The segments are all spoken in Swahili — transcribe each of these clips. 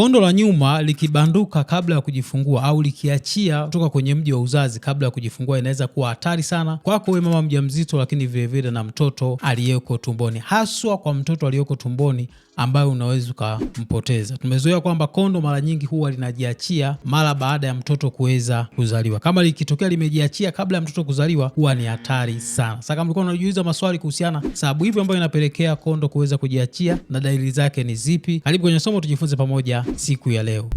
Kondo la nyuma likibanduka kabla ya kujifungua au likiachia kutoka kwenye mji wa uzazi kabla ya kujifungua inaweza kuwa hatari sana kwako wewe mama mjamzito, lakini vilevile na mtoto aliyeko tumboni, haswa kwa mtoto aliyeko tumboni ambayo unaweza ukampoteza. Tumezoea kwamba kondo mara nyingi huwa linajiachia mara baada ya mtoto kuweza kuzaliwa. Kama likitokea limejiachia kabla ya mtoto kuzaliwa, huwa ni hatari sana. Sasa kama mlikuwa unajiuliza maswali kuhusiana sababu hivyo ambayo inapelekea kondo kuweza kujiachia na dalili zake ni zipi, karibu kwenye somo tujifunze pamoja siku ya leo.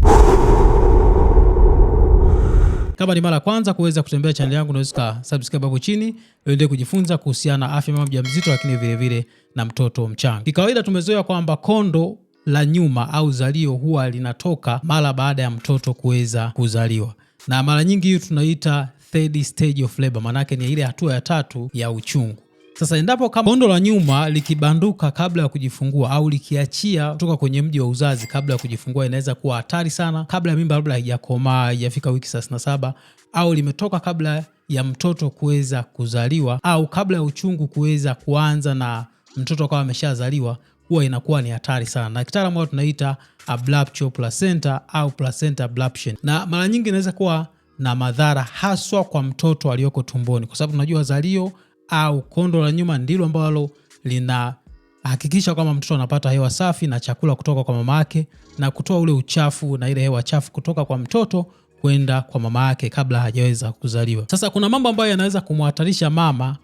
Kama ni mara ya kwanza kuweza kutembea chaneli yangu, unaweza subscribe hapo chini uende kujifunza kuhusiana na afya mama mjamzito, lakini vile vile na mtoto mchanga. Kikawaida tumezoea kwamba kondo la nyuma au zalio huwa linatoka mara baada ya mtoto kuweza kuzaliwa, na mara nyingi hiyo tunaita third stage of labor, maanake ni ile hatua ya tatu ya uchungu. Sasa endapo kama kondo la nyuma likibanduka kabla ya kujifungua au likiachia kutoka kwenye mji wa uzazi kabla ya kujifungua, inaweza kuwa hatari sana, kabla ya mimba labda haijakomaa haijafika wiki thelathini saba au limetoka kabla ya mtoto kuweza kuzaliwa au kabla ya uchungu kuweza kuanza na mtoto akawa ameshazaliwa huwa inakuwa ni hatari sana, na kitaalamu huwa tunaita abruptio placenta au placenta abruption, na mara nyingi inaweza kuwa na madhara haswa kwa mtoto aliyoko tumboni, kwa sababu tunajua zalio au kondo la nyuma ndilo ambalo linahakikisha kwamba mtoto anapata hewa safi na chakula kutoka kwa mama yake na kutoa ule uchafu na ile hewa chafu kutoka kwa mtoto kwenda kwa mama yake kabla hajaweza kuzaliwa. Sasa kuna mambo ambayo yanaweza kumhatarisha mama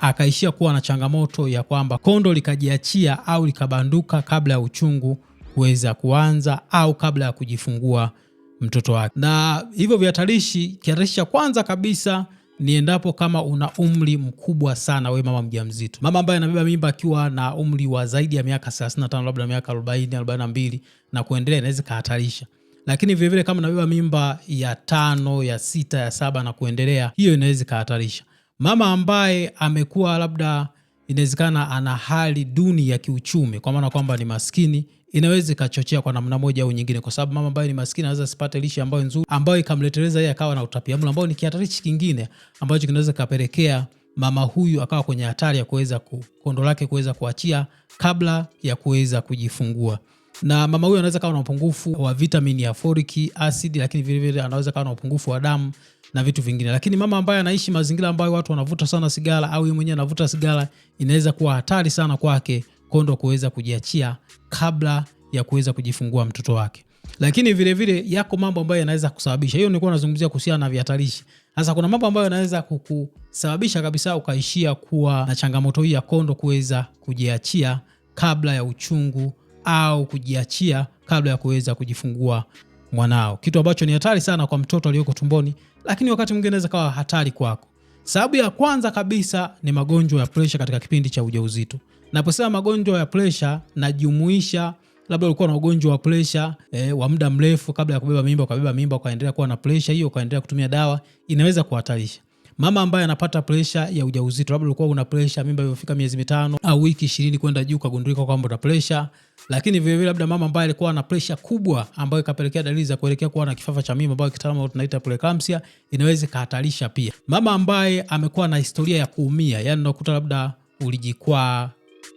akaishia kuwa na changamoto ya kwamba kondo likajiachia au likabanduka kabla ya uchungu kuweza kuanza au kabla ya kujifungua mtoto wake. Na hivyo vihatarishi, kihatarishi cha kwanza kabisa ni endapo kama una umri mkubwa sana we mama mjamzito, mama ambaye anabeba mimba akiwa na umri wa zaidi ya miaka 35 labda miaka 40 42 na kuendelea, inaweza ikahatarisha. Lakini vilevile kama unabeba mimba ya tano ya sita ya saba na kuendelea, hiyo inaweza ikahatarisha. Mama ambaye amekuwa labda inawezekana ana hali duni ya kiuchumi, kwa maana kwamba ni maskini inaweza ikachochea kwa namna moja au nyingine, kwa sababu mama ambaye ni maskini anaweza asipate lishe ambayo nzuri, ambayo ikamleteleza yeye akawa na utapiamlo, ambao ni kihatarishi kingine ambacho kinaweza kapelekea mama huyu akawa kwenye hatari ya kuweza kondo lake kuweza kuachia kabla ya kuweza kujifungua na mama huyo anaweza kawa na upungufu wa vitamini ya folic acid, lakini vilevile anaweza kawa na upungufu wa damu na vitu vingine. Lakini mama ambaye anaishi mazingira ambayo watu wanavuta sana sigara au yeye mwenyewe anavuta sigara, inaweza kuwa hatari sana kwake kondo kuweza kujiachia kabla ya kuweza kujifungua mtoto wake. Lakini vile vile yako mambo ambayo yanaweza kusababisha hiyo. Nilikuwa nazungumzia kuhusiana na vihatarishi. Sasa kuna mambo ambayo yanaweza kukusababisha kabisa ukaishia kuwa na changamoto hii ya kondo kuweza kujiachia kabla ya uchungu au kujiachia kabla ya kuweza kujifungua mwanao, kitu ambacho ni hatari sana kwa mtoto aliyoko tumboni, lakini wakati mwingine inaweza kawa hatari kwako. Sababu ya kwanza kabisa ni magonjwa ya presha katika kipindi cha ujauzito. Naposema magonjwa ya presha, najumuisha labda ulikuwa na ugonjwa wa presha e, eh, wa muda mrefu kabla ya kubeba mimba, ukabeba mimba ukaendelea kuwa na presha hiyo, ukaendelea kutumia dawa, inaweza kuhatarisha mama ambaye anapata presha ya ujauzito, labda ulikuwa una presha mimba iliyofika miezi mitano au wiki ishirini kwenda juu, kagundulika kwamba una presha. Lakini vilevile labda mama ambaye alikuwa ana presha kubwa ambayo ikapelekea dalili za kuelekea kuwa na kifafa cha mimba ambayo kitaalamu tunaita preeclampsia, inaweza ikahatarisha pia. Mama ambaye amekuwa na historia ya kuumia, yani unakuta labda ulijikwaa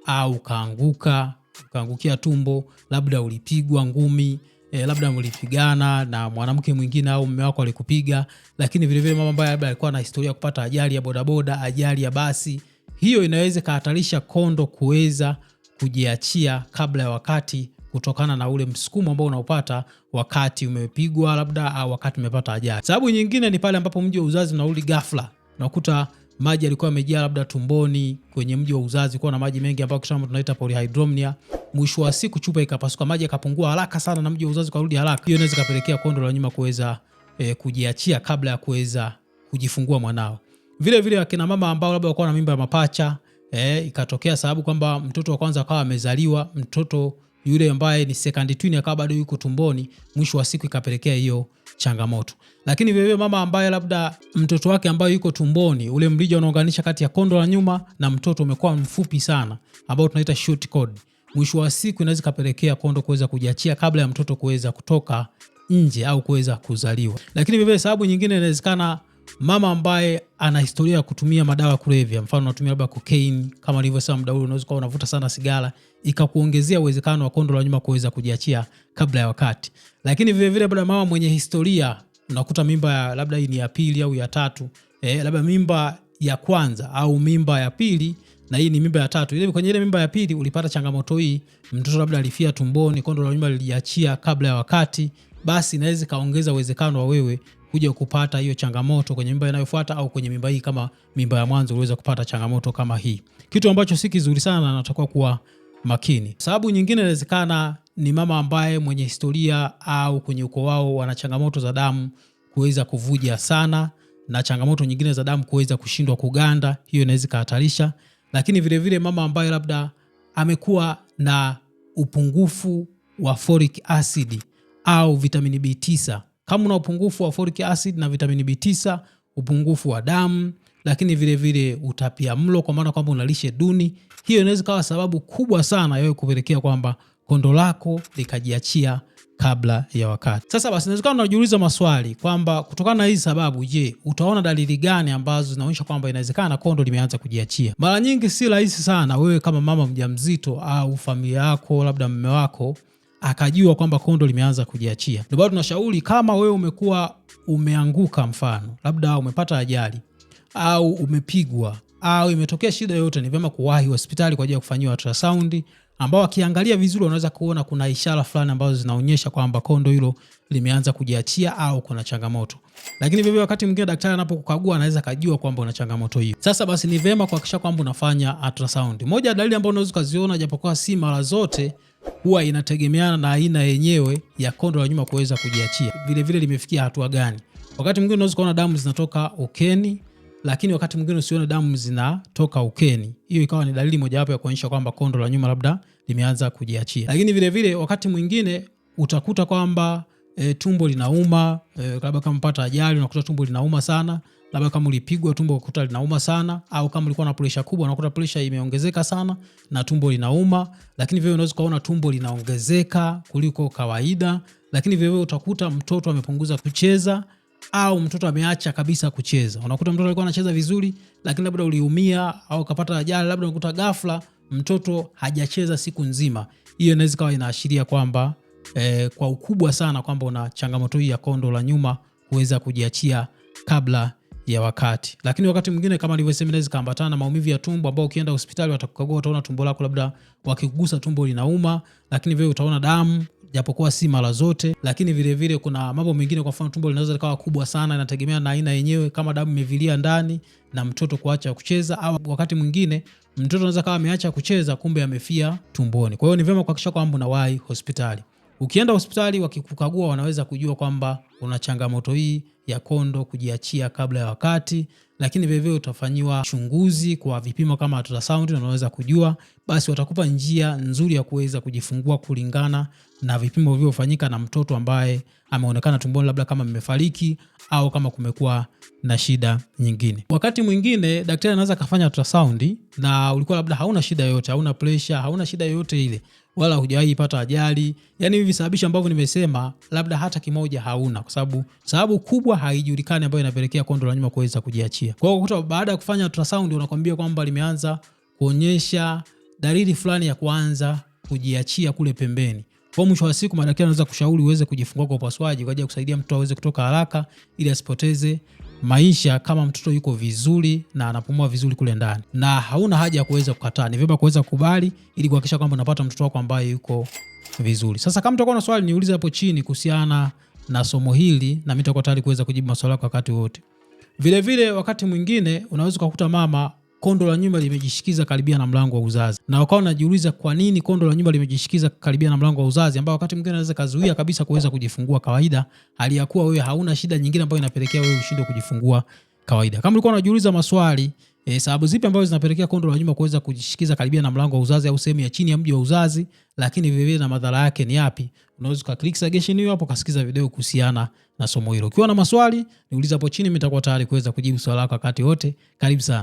au kaanguka, ukaangukia tumbo, labda ulipigwa ngumi e, labda mlipigana na mwanamke mwingine au mume wako alikupiga, lakini vilevile mama ambaye labda alikuwa na historia kupata ajali ya bodaboda, ajali ya basi, hiyo inaweza ikahatarisha kondo kuweza kujiachia kabla ya wakati kutokana na ule msukumo ambao unaopata wakati umepigwa labda au wakati umepata ajali. Sababu nyingine ni pale ambapo mji wa uzazi unauli ghafla, unakuta maji yalikuwa yamejaa labda tumboni, kwenye mji wa uzazi kuwa na maji mengi ambayo kitaalamu tunaita polyhydramnion. Mwisho wa siku chupa ikapasuka, maji yakapungua haraka sana na mji wa uzazi karudi haraka. Hiyo inaweza kapelekea kondo la nyuma kuweza e, kujiachia kabla ya kuweza kujifungua mwanao. Vile vile akina mama ambao labda walikuwa na mimba ya mapacha e, ikatokea sababu kwamba mtoto wa kwanza akawa amezaliwa, mtoto yule ambaye ni second twin akawa bado yuko tumboni, mwisho wa siku ikapelekea hiyo changamoto. Lakini vilevile mama ambaye labda mtoto wake ambaye yuko tumboni, ule mrija unaunganisha kati ya kondo la nyuma na mtoto umekuwa mfupi sana, ambao tunaita short cord, mwisho wa siku inaweza ikapelekea kondo kuweza kujiachia kabla ya mtoto kuweza kutoka nje au kuweza kuzaliwa. Lakini vilevile sababu nyingine inawezekana mama ambaye ana historia ya kutumia madawa ya kulevya, mfano unatumia labda cocaine kama alivyosema ule, unaweza kuwa unavuta sana sigara, ikakuongezea uwezekano wa kondo la nyuma kuweza kujiachia kabla ya wakati. Lakini vile vile bwana mama mwenye historia, unakuta mimba ya labda hii ni ya pili au ya tatu, eh, labda mimba ya kwanza au mimba ya pili na hii ni mimba ya tatu. Ile kwenye ile mimba ya pili ulipata changamoto hii, mtoto labda alifia tumboni, kondo la nyuma liliachia kabla ya wakati, basi inaweza kaongeza uwezekano wa wewe kuja kupata hiyo changamoto kwenye mimba inayofuata au kwenye mimba hii kama mimba ya mwanzo uliweza kupata changamoto kama hii, kitu ambacho si kizuri sana, na natakiwa kuwa makini. Sababu nyingine inawezekana ni mama ambaye mwenye historia au kwenye ukoo wao wana changamoto za damu kuweza kuvuja sana na changamoto nyingine za damu kuweza kushindwa kuganda, hiyo inaweza kuhatarisha. Lakini vile vile mama ambaye labda amekuwa na upungufu wa folic acid au vitamini B9 kama una upungufu wa folic acid na vitamini B9, upungufu wa damu, lakini vilevile utapia mlo, kwa maana kwamba unalishe duni, hiyo inaweza kawa sababu kubwa sana yawe kupelekea kwamba kondo lako likajiachia kabla ya wakati. Sasa basi, inawezekana unajiuliza maswali kwamba kutokana na hizi sababu, je, utaona dalili gani ambazo zinaonyesha kwamba inawezekana kondo limeanza kujiachia? Mara nyingi si rahisi sana wewe kama mama mjamzito au familia yako, labda mume wako akajua kwamba kondo limeanza kujiachia. Ndio bado tunashauri kama wewe umekuwa umeanguka, mfano labda umepata ajali au umepigwa au imetokea shida yoyote, ni vyema kuwahi hospitali kwa ajili ya kufanyiwa ultrasound, ambao wakiangalia vizuri wanaweza kuona kuna ishara fulani ambazo zinaonyesha kwamba kondo hilo limeanza kujiachia au kuna changamoto. Lakini vivyo wakati mwingine daktari anapokukagua anaweza kujua kwamba una changamoto hiyo. Sasa basi, ni vyema kuhakikisha kwamba unafanya ultrasound. Moja ya dalili ambayo unaweza ukaziona, japokuwa si mara zote huwa inategemeana na aina yenyewe ya kondo la nyuma kuweza kujiachia, vilevile limefikia hatua gani. Wakati mwingine unaweza kuona damu zinatoka ukeni, lakini wakati mwingine usione damu zinatoka ukeni. Hiyo ikawa ni dalili mojawapo ya kuonyesha kwamba kondo la nyuma labda limeanza kujiachia. Lakini vilevile wakati mwingine utakuta kwamba e, tumbo linauma e, labda kama mpata ajali unakuta tumbo linauma sana, labda kama ulipigwa tumbo ukakuta linauma sana, au kama ulikuwa na pressure kubwa unakuta pressure imeongezeka sana na tumbo linauma. Lakini vile unaweza kuona tumbo linaongezeka kuliko kawaida, lakini vile utakuta mtoto amepunguza kucheza au mtoto ameacha kabisa kucheza. Unakuta mtoto alikuwa anacheza vizuri, lakini labda uliumia au kapata ajali, labda unakuta ghafla mtoto hajacheza siku nzima. Hiyo inaweza kawa inaashiria kwamba eh, kwa ukubwa sana kwamba una changamoto hii ya kondo la nyuma kuweza kujiachia kabla ya wakati. Lakini wakati mwingine kama nilivyosema, inaweza kaambatana na maumivu ya tumbo, ambao ukienda hospitali watakukagua, utaona tumbo lako labda wakigusa tumbo linauma, lakini vile utaona damu japokuwa si mara zote, lakini vile vile kuna mambo mengine. Kwa mfano, tumbo linaweza likawa kubwa sana, inategemea na aina yenyewe, kama damu imevilia ndani na mtoto kuacha kucheza, au wakati mwingine mtoto anaweza kawa ameacha kucheza, kumbe amefia tumboni. Kwa hiyo ni vyema kuhakikisha kwamba unawahi hospitali. Ukienda hospitali wakikukagua, wanaweza kujua kwamba una changamoto hii ya kondo kujiachia kabla ya wakati, lakini vilevile utafanyiwa chunguzi kwa vipimo kama ultrasound, na unaweza kujua, basi watakupa njia nzuri ya kuweza kujifungua kulingana na vipimo vilivyofanyika na mtoto ambaye ameonekana tumboni labda kama mmefariki au kama kumekuwa na shida nyingine. Wakati mwingine daktari anaweza akafanya ultrasound na ulikuwa labda hauna shida yoyote, hauna pressure, hauna shida yoyote ile, wala hujawahi pata ajali. Yani hivi visababishi ambavyo nimesema, labda hata kimoja hauna, kwa sababu sababu kubwa haijulikani ambayo inapelekea kondo la nyuma kuweza kujiachia. Kwa hiyo baada ya kufanya ultrasound unakwambia kwamba limeanza kuonyesha dalili fulani ya kuanza kujiachia kule pembeni. Kwa mwisho wa siku, madaktari anaweza kushauri uweze kujifungua kwa upasuaji kwa ajili ya kusaidia mtoto aweze kutoka haraka ili asipoteze maisha kama mtoto yuko vizuri na anapumua vizuri kule ndani, na hauna haja ya kuweza kukataa. Ni vyema kuweza kukubali ili kuhakikisha kwamba unapata mtoto wako ambaye yuko vizuri. Sasa kama mtakuwa na swali, niulize hapo chini kuhusiana na somo hili, na mimi nitakuwa tayari kuweza kujibu maswali yako wakati wote. Vilevile wakati mwingine unaweza ukakuta mama kondo la nyumba limejishikiza karibia na mlango wa uzazi, na wakawa wanajiuliza kwa nini kondo la nyumba limejishikiza karibia na mlango wa uzazi, ambao wakati mwingine anaweza kazuia kabisa kuweza kujifungua kawaida, hali ya kuwa wewe hauna shida nyingine ambayo inapelekea wewe ushindwe kujifungua kawaida. Kama ulikuwa unajiuliza maswali E, sababu zipi ambazo zinapelekea kondo la nyuma kuweza kujishikiza karibia na mlango wa uzazi au sehemu ya chini ya mji wa uzazi, lakini vivile na madhara yake ni yapi? Unaweza click suggestion hiyo hapo kasikiza video kuhusiana na somo hilo. Ukiwa na maswali niuliza hapo chini, mimi nitakuwa tayari kuweza kujibu swali lako wakati wote. Karibu sana.